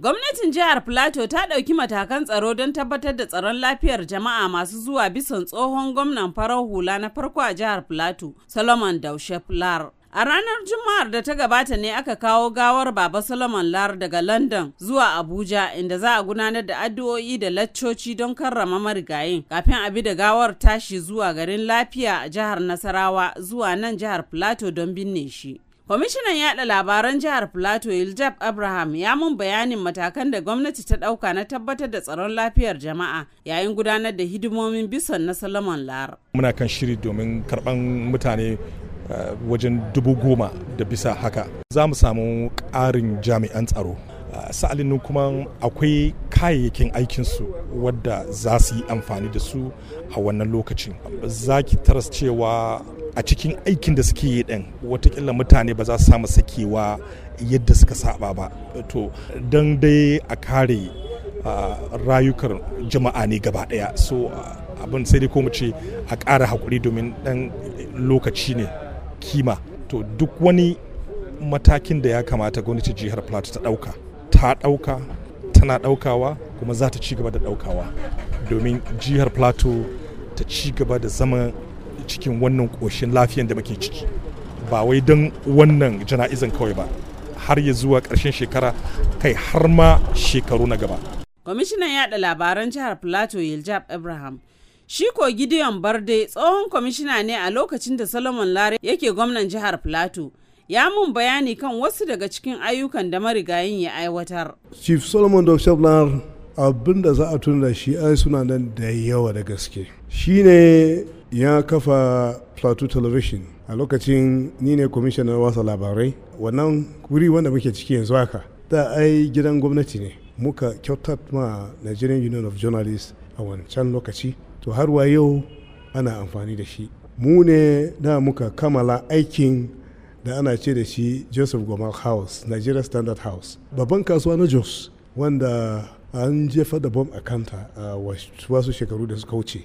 Gwamnatin jihar Plateau ta ɗauki matakan tsaro don tabbatar da tsaron lafiyar jama'a masu zuwa bisan tsohon gwamnan farar hula na farko a jihar Plateau, Solomon Daushe Lar. A ranar Juma'ar da ta gabata ne aka kawo gawar Baba Solomon Lar daga London zuwa Abuja inda za a gudanar da addu'o'i da laccoci don karrama marigayin kafin a bi da gawar tashi zuwa garin lafiya a jihar Nasarawa zuwa nan jihar Plateau don binne shi. Kwamishinan yaɗa labaran jihar Plateau Iljab Abraham ya mun bayanin matakan da gwamnati ta ɗauka na tabbatar da tsaron lafiyar jama'a yayin gudanar da hidimomin bison na Solomon Lar. Muna kan shiri domin karban mutane eh, wajen dubu goma da bisa haka. Za mu samu ƙarin jami'an tsaro. Eh, sa'alin kuma akwai kayayyakin aikinsu wadda za su yi amfani da su a wannan lokacin za ki taras cewa a cikin aikin da suke yi din watakila mutane ba za su samu sakewa yadda suka saba ba to don dai a kare rayukan jama'a ne gaba daya so abin sai dai ko mu ce a ƙara haƙuri domin ɗan lokaci ne kima to duk wani matakin da ya kamata gwamnati jihar plateau ta ɗauka ta ɗauka tana ɗaukawa kuma za ta ci gaba da ɗaukawa domin jihar plateau ta ci gaba da zama cikin wannan koshin lafiyan da muke ciki ba wai don wannan jana'izan kawai ba har ya zuwa ƙarshen shekara kai har ma shekaru na gaba. Kwamishinan yada labaran jihar Plateau Yiljab Ibrahim Shi ko Gideon Barde tsohon kwamishina ne a lokacin da Solomon Lare yake gwamnan jihar Plateau. Ya mun bayani kan wasu daga cikin ayyukan da marigayin ya aiwatar. Chief Solomon Dr. Lare abin da za a tuna da shi ai suna nan da yawa da gaske. Shi ya kafa plateau television a lokacin ni ne kwamishinan wasa labarai wannan wuri wanda muke ciki yanzu haka da ai gidan gwamnati ne muka kyautar ma nigerian union of journalists a wancan lokaci to har wa yau ana amfani da shi mu ne da muka kammala aikin da ana ce da shi joseph gomal house nigeria standard house babban kasuwa na jos wanda an jefa da bom a kanta a wasu shekaru da suka wuce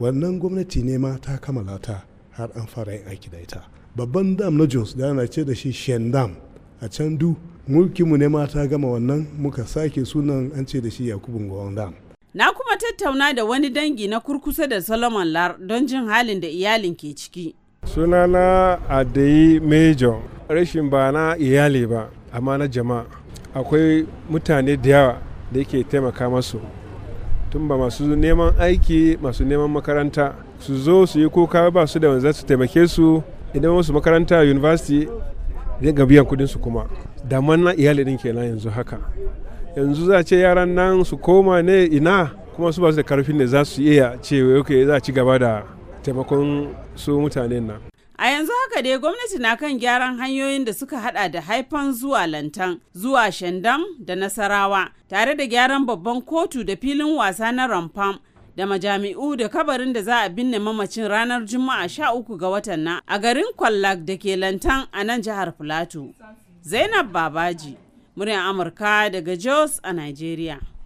wannan gwamnati ne ma ta kammala ta har an fara yin aiki da ita babban dam na jones da ana ce da shi shen dam a can du mulkinmu ne ma ta gama wannan muka sake sunan an ce da shi yakubun gwamnan dam na kuma tattauna da wani dangi na kurkusa da solomon lar don jin halin da iyalin ke ciki sunana adayi major rashin ba na iyali ba amma na jama'a akwai mutane da yawa da yake taimaka masu tun ba masu neman aiki masu neman makaranta su zo su yi kuka ba su da wanzar su taimake su idan wasu makaranta university zai ga biyan kudin su kuma da na iyali din kenan yanzu haka yanzu za ce yaran nan su koma ne ina kuma su ba su da karfin da za su iya ce ok za ci gaba da taimakon su mutanen nan A yanzu haka dai gwamnati na kan gyaran hanyoyin da suka hada da haifan zuwa lantan, zuwa shandam da nasarawa, tare da gyaran babban kotu da filin wasa na rampam da majami'u da kabarin da za a binne mamacin ranar Juma'a sha uku ga watan nan a garin Kwallak da ke lantan a nan jihar Filato. Zainab Babaji, muryar Amurka daga Jos a Nigeria.